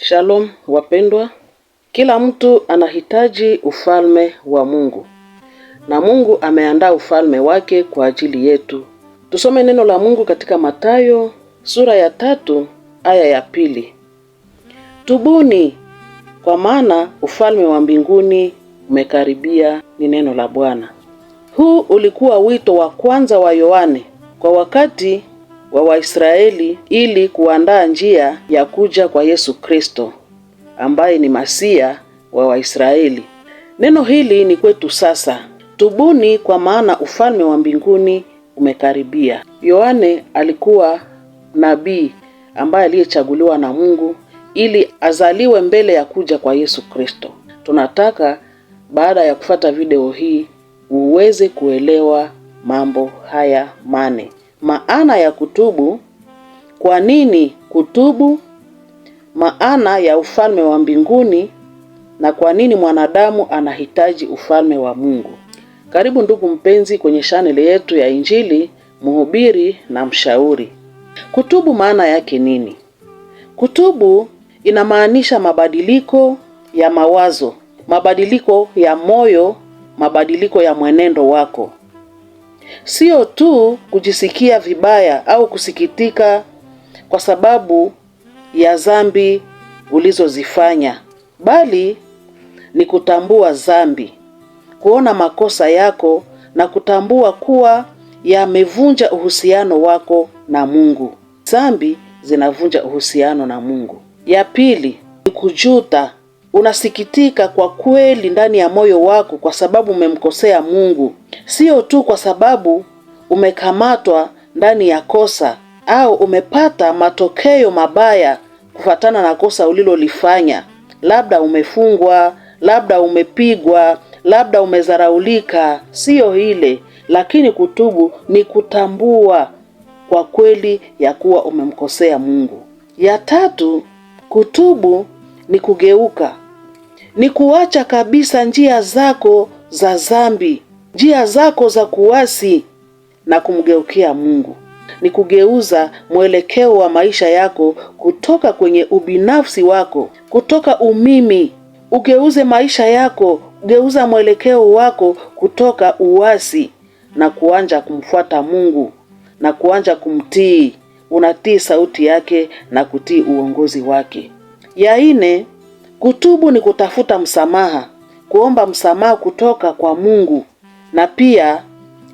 Shalom wapendwa, kila mtu anahitaji ufalme wa Mungu na Mungu ameandaa ufalme wake kwa ajili yetu. Tusome neno la Mungu katika Mathayo sura ya tatu aya ya pili: Tubuni, kwa maana ufalme wa mbinguni umekaribia. Ni neno la Bwana. Huu ulikuwa wito wa kwanza wa Yohane kwa wakati wa Waisraeli ili kuandaa njia ya kuja kwa Yesu Kristo ambaye ni masia wa Waisraeli. Neno hili ni kwetu sasa. Tubuni kwa maana ufalme wa mbinguni umekaribia. Yohane alikuwa nabii ambaye aliyechaguliwa na Mungu ili azaliwe mbele ya kuja kwa Yesu Kristo. Tunataka baada ya kufata video hii uweze kuelewa mambo haya mane maana ya kutubu, kwa nini kutubu, maana ya ufalme wa mbinguni na kwa nini mwanadamu anahitaji ufalme wa Mungu. Karibu ndugu mpenzi kwenye chaneli yetu ya Injili Mhubiri na Mshauri. Kutubu maana yake nini? Kutubu inamaanisha mabadiliko ya mawazo, mabadiliko ya moyo, mabadiliko ya mwenendo wako sio tu kujisikia vibaya au kusikitika kwa sababu ya dhambi ulizozifanya, bali ni kutambua dhambi, kuona makosa yako na kutambua kuwa yamevunja uhusiano wako na Mungu. Dhambi zinavunja uhusiano na Mungu. Ya pili ni kujuta Unasikitika kwa kweli ndani ya moyo wako kwa sababu umemkosea Mungu, sio tu kwa sababu umekamatwa ndani ya kosa au umepata matokeo mabaya kufuatana na kosa ulilolifanya. Labda umefungwa, labda umepigwa, labda umezaraulika. Siyo ile, lakini kutubu ni kutambua kwa kweli ya kuwa umemkosea Mungu. Ya tatu, kutubu ni kugeuka ni kuacha kabisa njia zako za dhambi, njia zako za kuasi na kumgeukia Mungu. Ni kugeuza mwelekeo wa maisha yako kutoka kwenye ubinafsi wako, kutoka umimi. Ugeuze maisha yako, ugeuza mwelekeo wako kutoka uasi na kuanja kumfuata Mungu na kuanja kumtii. Unatii sauti yake na kutii uongozi wake. Ya nne, Kutubu ni kutafuta msamaha, kuomba msamaha kutoka kwa Mungu, na pia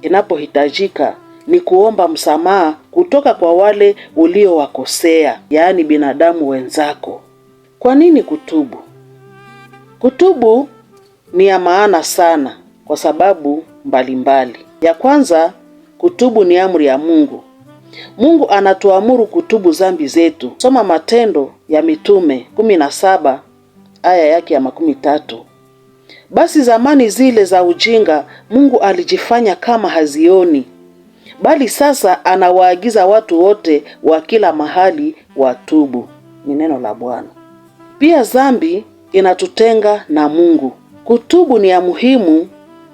inapohitajika ni kuomba msamaha kutoka kwa wale uliowakosea, yaani binadamu wenzako. Kwa nini kutubu? Kutubu ni ya maana sana kwa sababu mbalimbali mbali. Ya kwanza, kutubu ni amri ya Mungu. Mungu anatuamuru kutubu dhambi zetu. Soma Matendo ya Mitume kumi aya yake ya makumi tatu. Basi zamani zile za ujinga Mungu alijifanya kama hazioni, bali sasa anawaagiza watu wote wa kila mahali watubu. Ni neno la Bwana. Pia dhambi inatutenga na Mungu. Kutubu ni ya muhimu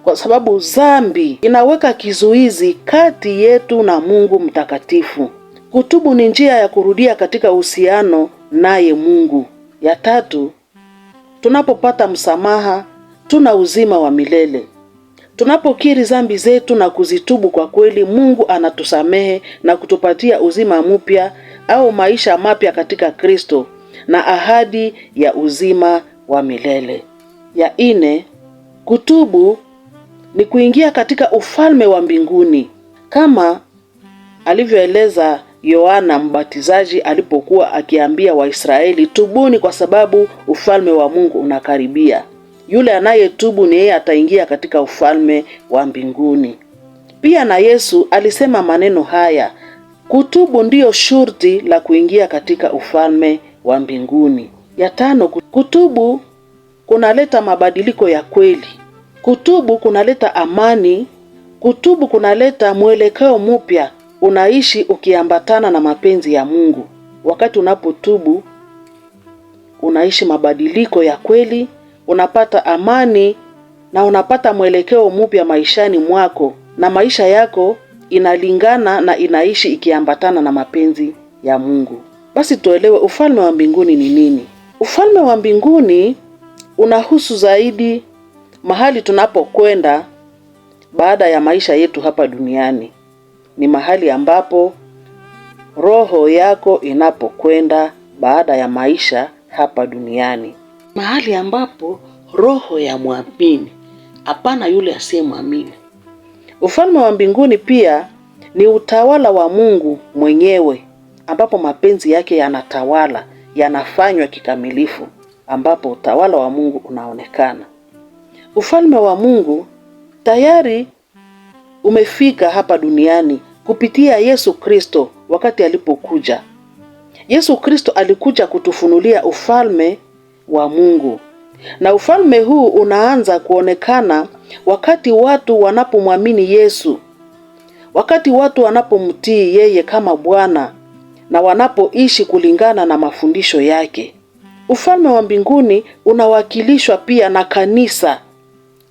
kwa sababu dhambi inaweka kizuizi kati yetu na Mungu mtakatifu. Kutubu ni njia ya kurudia katika uhusiano naye Mungu. Ya tatu, Tunapopata msamaha, tuna uzima wa milele. Tunapokiri dhambi zetu na kuzitubu kwa kweli, Mungu anatusamehe na kutupatia uzima mpya au maisha mapya katika Kristo na ahadi ya uzima wa milele. Ya ine, kutubu ni kuingia katika ufalme wa mbinguni kama alivyoeleza Yohana Mbatizaji alipokuwa akiambia Waisraeli, tubuni kwa sababu ufalme wa Mungu unakaribia. Yule anayetubu ni yeye ataingia katika ufalme wa mbinguni. Pia na Yesu alisema maneno haya, kutubu ndiyo shurti la kuingia katika ufalme wa mbinguni. Ya tano, kutubu kunaleta mabadiliko ya kweli. Kutubu kunaleta amani. Kutubu kunaleta mwelekeo mpya. Unaishi ukiambatana na mapenzi ya Mungu. Wakati unapotubu, unaishi mabadiliko ya kweli, unapata amani na unapata mwelekeo mpya maishani mwako, na maisha yako inalingana na inaishi ikiambatana na mapenzi ya Mungu. Basi tuelewe ufalme wa mbinguni ni nini? Ufalme wa mbinguni unahusu zaidi mahali tunapokwenda baada ya maisha yetu hapa duniani ni mahali ambapo roho yako inapokwenda baada ya maisha hapa duniani, mahali ambapo roho ya mwamini, hapana yule asiyemwamini. Ufalme wa mbinguni pia ni utawala wa Mungu mwenyewe, ambapo mapenzi yake yanatawala, yanafanywa kikamilifu, ambapo utawala wa Mungu unaonekana. Ufalme wa Mungu tayari umefika hapa duniani kupitia Yesu Kristo wakati alipokuja. Yesu Kristo alikuja kutufunulia ufalme wa Mungu. Na ufalme huu unaanza kuonekana wakati watu wanapomwamini Yesu. Wakati watu wanapomtii yeye kama Bwana na wanapoishi kulingana na mafundisho yake. Ufalme wa mbinguni unawakilishwa pia na kanisa,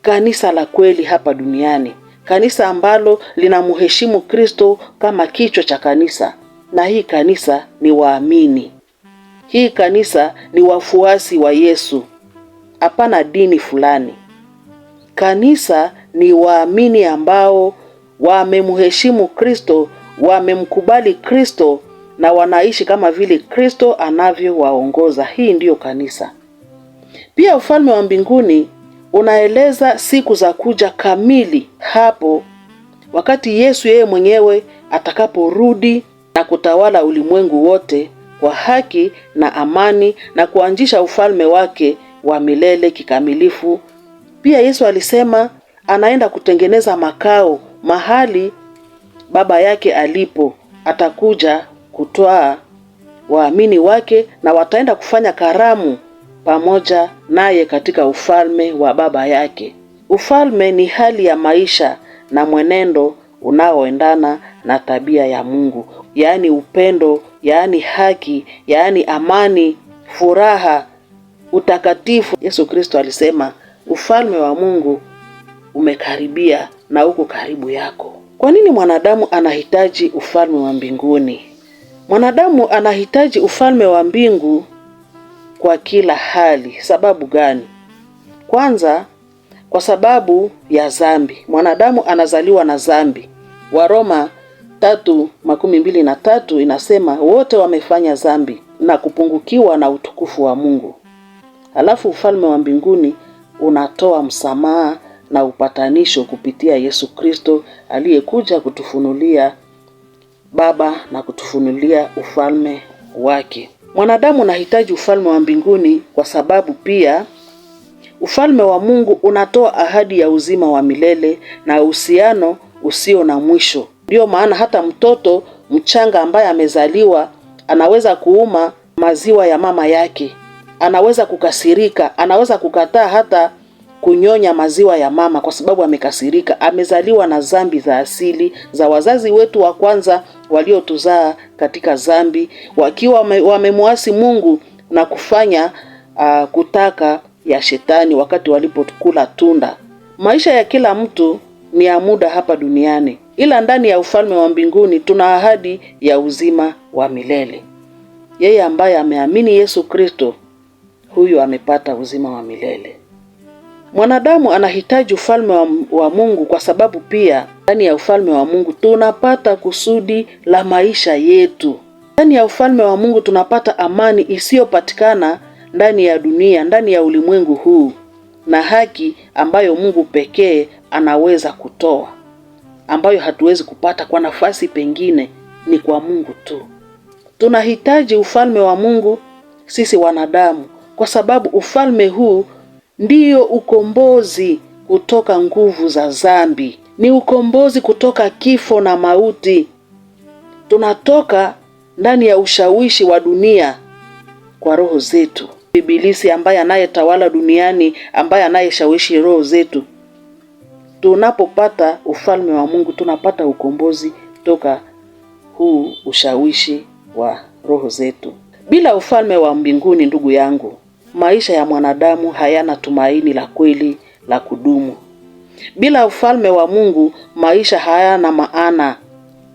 kanisa la kweli hapa duniani kanisa ambalo linamheshimu Kristo kama kichwa cha kanisa, na hii kanisa ni waamini, hii kanisa ni wafuasi wa Yesu, hapana dini fulani. Kanisa ni waamini ambao wamemheshimu Kristo, wamemkubali Kristo na wanaishi kama vile Kristo anavyowaongoza. Hii ndiyo kanisa. Pia ufalme wa mbinguni unaeleza siku za kuja kamili hapo, wakati Yesu yeye mwenyewe atakaporudi na kutawala ulimwengu wote kwa haki na amani na kuanzisha ufalme wake wa milele kikamilifu. Pia Yesu alisema anaenda kutengeneza makao mahali Baba yake alipo, atakuja kutwaa waamini wake na wataenda kufanya karamu pamoja naye katika ufalme wa Baba yake. Ufalme ni hali ya maisha na mwenendo unaoendana na tabia ya Mungu, yaani upendo, yaani haki, yaani amani, furaha, utakatifu. Yesu Kristo alisema ufalme wa Mungu umekaribia na uko karibu yako. Kwa nini mwanadamu anahitaji ufalme wa mbinguni? Mwanadamu anahitaji ufalme wa mbingu kwa kila hali. Sababu gani? Kwanza, kwa sababu ya zambi Mwanadamu anazaliwa na zambi Waroma tatu makumi mbili na tatu inasema wote wamefanya zambi na kupungukiwa na utukufu wa Mungu. Halafu ufalme wa mbinguni unatoa msamaha na upatanisho kupitia Yesu Kristo aliyekuja kutufunulia Baba na kutufunulia ufalme wake. Mwanadamu unahitaji ufalme wa mbinguni kwa sababu pia ufalme wa Mungu unatoa ahadi ya uzima wa milele na uhusiano usio na mwisho. Ndiyo maana hata mtoto mchanga ambaye amezaliwa anaweza kuuma maziwa ya mama yake, anaweza kukasirika, anaweza kukataa hata kunyonya maziwa ya mama kwa sababu amekasirika, amezaliwa na dhambi za asili za wazazi wetu wa kwanza waliotuzaa katika dhambi, wakiwa wamemwasi Mungu na kufanya uh, kutaka ya shetani wakati walipokula tunda. Maisha ya kila mtu ni ya muda hapa duniani, ila ndani ya ufalme wa mbinguni tuna ahadi ya uzima wa milele. Yeye ambaye ameamini Yesu Kristo, huyu amepata uzima wa milele. Mwanadamu anahitaji ufalme wa, wa Mungu kwa sababu pia ndani ya ufalme wa Mungu tunapata kusudi la maisha yetu. Ndani ya ufalme wa Mungu tunapata amani isiyopatikana ndani ya dunia, ndani ya ulimwengu huu na haki ambayo Mungu pekee anaweza kutoa, ambayo hatuwezi kupata kwa nafasi pengine, ni kwa Mungu tu. Tunahitaji ufalme wa Mungu sisi wanadamu, kwa sababu ufalme huu ndiyo ukombozi kutoka nguvu za dhambi, ni ukombozi kutoka kifo na mauti. Tunatoka ndani ya ushawishi wa dunia kwa roho zetu, Ibilisi ambaye anayetawala duniani, ambaye anayeshawishi roho zetu. Tunapopata ufalme wa Mungu, tunapata ukombozi toka huu ushawishi wa roho zetu. Bila ufalme wa mbinguni, ndugu yangu, maisha ya mwanadamu hayana tumaini la kweli la kudumu. Bila ufalme wa Mungu maisha hayana maana,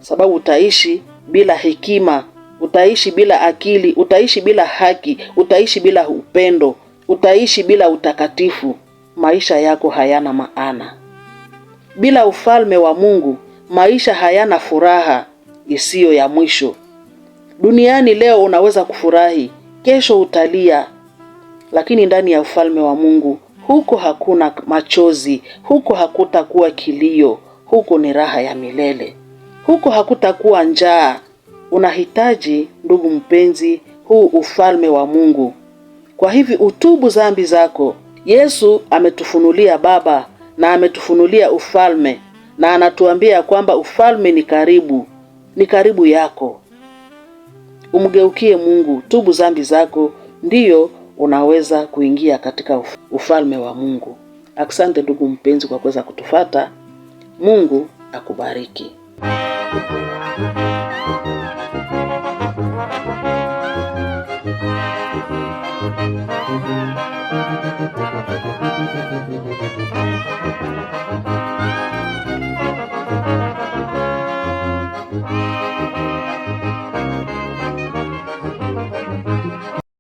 sababu utaishi bila hekima, utaishi bila akili, utaishi bila haki, utaishi bila upendo, utaishi bila utakatifu. Maisha yako hayana maana. Bila ufalme wa Mungu maisha hayana furaha isiyo ya mwisho. Duniani leo unaweza kufurahi, kesho utalia, lakini ndani ya ufalme wa Mungu huko hakuna machozi, huko hakutakuwa kilio, huko ni raha ya milele, huko hakutakuwa njaa. Unahitaji ndugu mpenzi, huu ufalme wa Mungu. Kwa hivi utubu zambi zako. Yesu ametufunulia Baba na ametufunulia ufalme, na anatuambia kwamba ufalme ni karibu, ni karibu yako. Umgeukie Mungu, tubu zambi zako, ndiyo unaweza kuingia katika ufalme wa Mungu. Asante ndugu mpenzi kwa kuweza kutufata. Mungu akubariki.